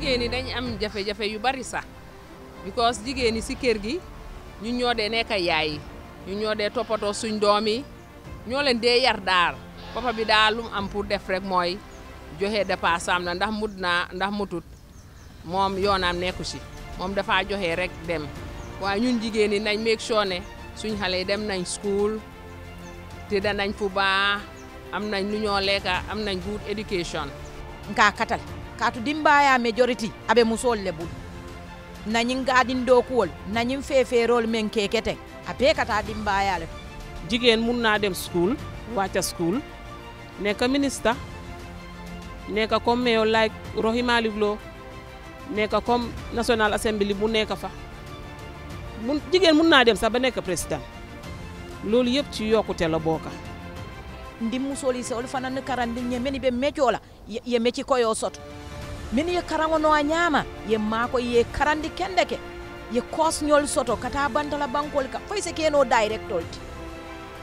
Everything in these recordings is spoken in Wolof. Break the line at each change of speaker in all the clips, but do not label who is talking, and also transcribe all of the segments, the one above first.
jigéen ñi dañ am jafejafe yu bari sax because jigéen ñi si kër gi ñu ñoo dee nekk kayaay ñu ñoo dee toppatoo suñ doom yi ñoo leen dee yar daar papa bi daal lu am pour def rek mooy joxe dépasse am na ndax naa ndax mutut moom yoonaam nekku si moom dafa joxe rek dem waa ñun jigéen ñi nañ make sure suñ xale dem nañ school
te danañ fu baax am nañ lu ñoo lekka am nañ good education nkaa katal ka to dimbayami majority abe musol le bulu nañin na dow fe fe rol men keketen a pekata le jigen mun na dem school wacha school minister ne
ka comme mayor like Rohey Malick ne ka comme national assembly mu ka fa mun jigen mun na dem sax ba ka président loolu yëpp ci yokute la boka
ndi musoli ol fanan karandil meni be metiola ye meti koyo soto min ye karaŋono a ñaama ye maako ye karandi kende ke ye kosñol soto kata bantala bankol ka fay se keno directol ti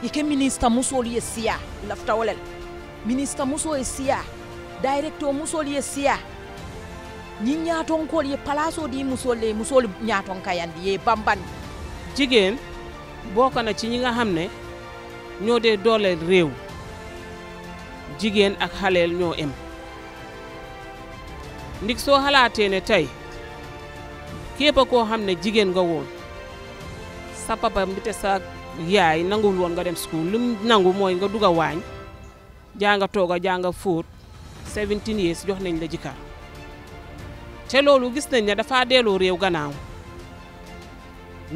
ye ke ministre musol ye siya lafta wolel ministre muso ye siya directo musol ye siya ñiŋ ñaatonkol ye palaso di musol le musol ñaaton kayandi ye bambandi
jigéen boo kana ci ñi nga xam ne ñoo dee dooleel réew jigéen ak xaleel ñoo em ndik soo xalaatee ne tey képp koo xam ne jigéen nga woon sa papa te sa yaay nanguwul woon nga dem school lim nangu mooy nga dugg a waañ jaa nga toog a jaa nga fóot 17 years jox nañ la jëkkër te loolu gis nañ ne dafa delloo réew gannaaw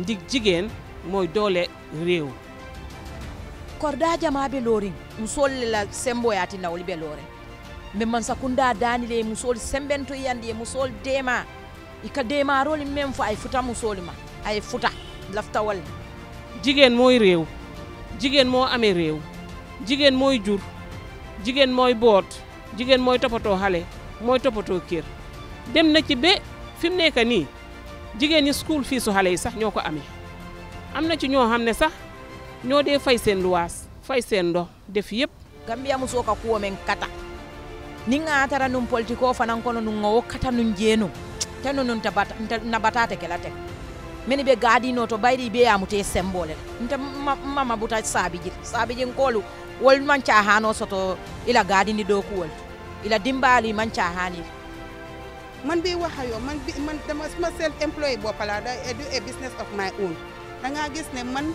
ndig jigéen mooy doole réew
korda jama be loorin um solle la semboyaati nawli be loore min man sakunda danile e musol sembentoyiyande e musol dema ika demaroli men fo ay futa musoli ma ay futa laftawal
jigéen mooy réew jigéen moo amee réew jigéen mooy jur jigéen mooy boot jigéen mooy toppatoo xale mooy toppatoo kër dem na ci ba fi mu nekk nii jigéen ñi school fii su yi sax ñoo ko amee am na ci ñoo xam ne sax ñoo de fay seen luwaas
fay seen ndox def yëpp gambia musoo ka kuwo men kata nin a tara nun politiko fanan kono nun o wokkata nun jeenu te no nun batate kela te meni ɓe gaadino to bayri be yamute sembole nte mama buta saabijir saabijin koolu wol manca hano soto ila gaadini ɗo kuwol ila dimbaali manca hanir
man bi waxayo man bi man dama suma self employé boppala da do a business of my own da nga gis ne man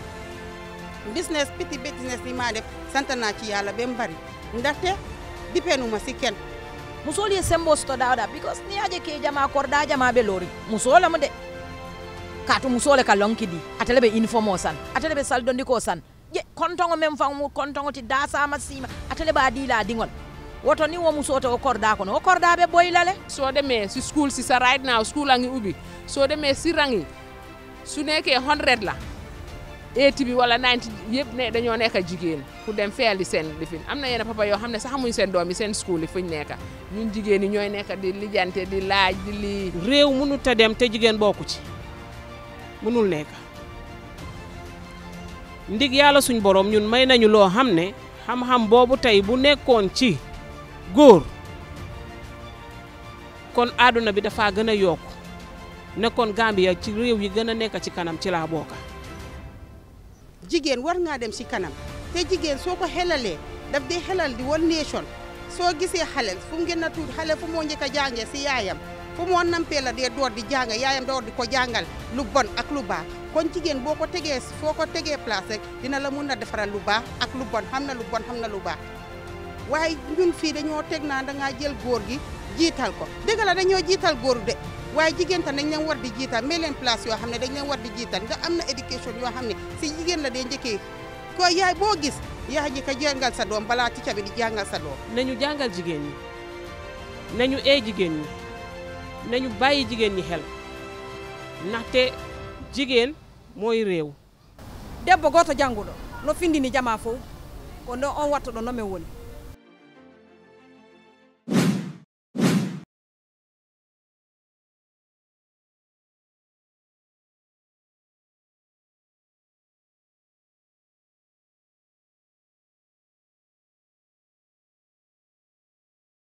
business petit business
ni ma def santana ci yalla ba bari ndaxte dipenuma ken musol ye sembo sitoɗaɗa because ni aje ke jama korda jama be lori musolemo de katu musole ka lonki di atele be informo o san atele be saldo ndiko san ƴe contogo mem famu mu contogo ti dasama sima atele ɓa dila ɗigol woto ni wo musoto o korda kono o korda ɓe boylale de me si school sa right now school angi so de me sirangi
suneke 100 la eighty bi wala ninety yëpp ne dañoo nekk jigéen pour dem feeli seen lifin am na yenn papa yoo ne saxamuñ xamuñ seen doom yi seen school yi fuñ nekk ñun jigéen ñi ñooy nekk di lijjante di laaj di
réew mënut a dem te jigéen bokku ci mënul nekk ndig yàlla suñ borom ñun may nañu loo xam ne xam-xam boobu tey bu nekkoon ci góor kon adduna bi dafa gën a yokku nekkoon Gambia ci réew yi gën a nekk ci kanam ci laa bokka jigéen war ngaa dem si kanam
te jigéen soo ko xelalee daf dee xelal di wal nation soo gisee xale fu mu gën tuut xale fu moo njëkk a jàngee si yaayam fu moo nampee la dee door di jàng yaayam door di ko jàngal lu bon ak lu baax kon jigéen boo ko tegee foo ko tegee place rek dina la mun a defaral lu baax ak lu bon xam na lu bon xam na lu baax waaye ñun fii dañoo teg naa dangaa jël góor gi jiital ko dëgg la ñoo jiital góor de waaye jigéen tam dañ leen war di jiital mais leen place yoo xam ne dañ leen war di jiital ndax am na éducation yoo xam ne si jigéen la dee njëkkee ko yaay boo gis
yaay ji ka jàngal sa doom balaa tica bi di jàngal sa doom. ñu jàngal jigéen ñi nañu ee jigéen ñi nañu bàyyi jigéen ñi xel ndaxte jigéen mooy réew.
debbo goto jannguɗo no finndini jama fof ko nde on watta ɗo no woni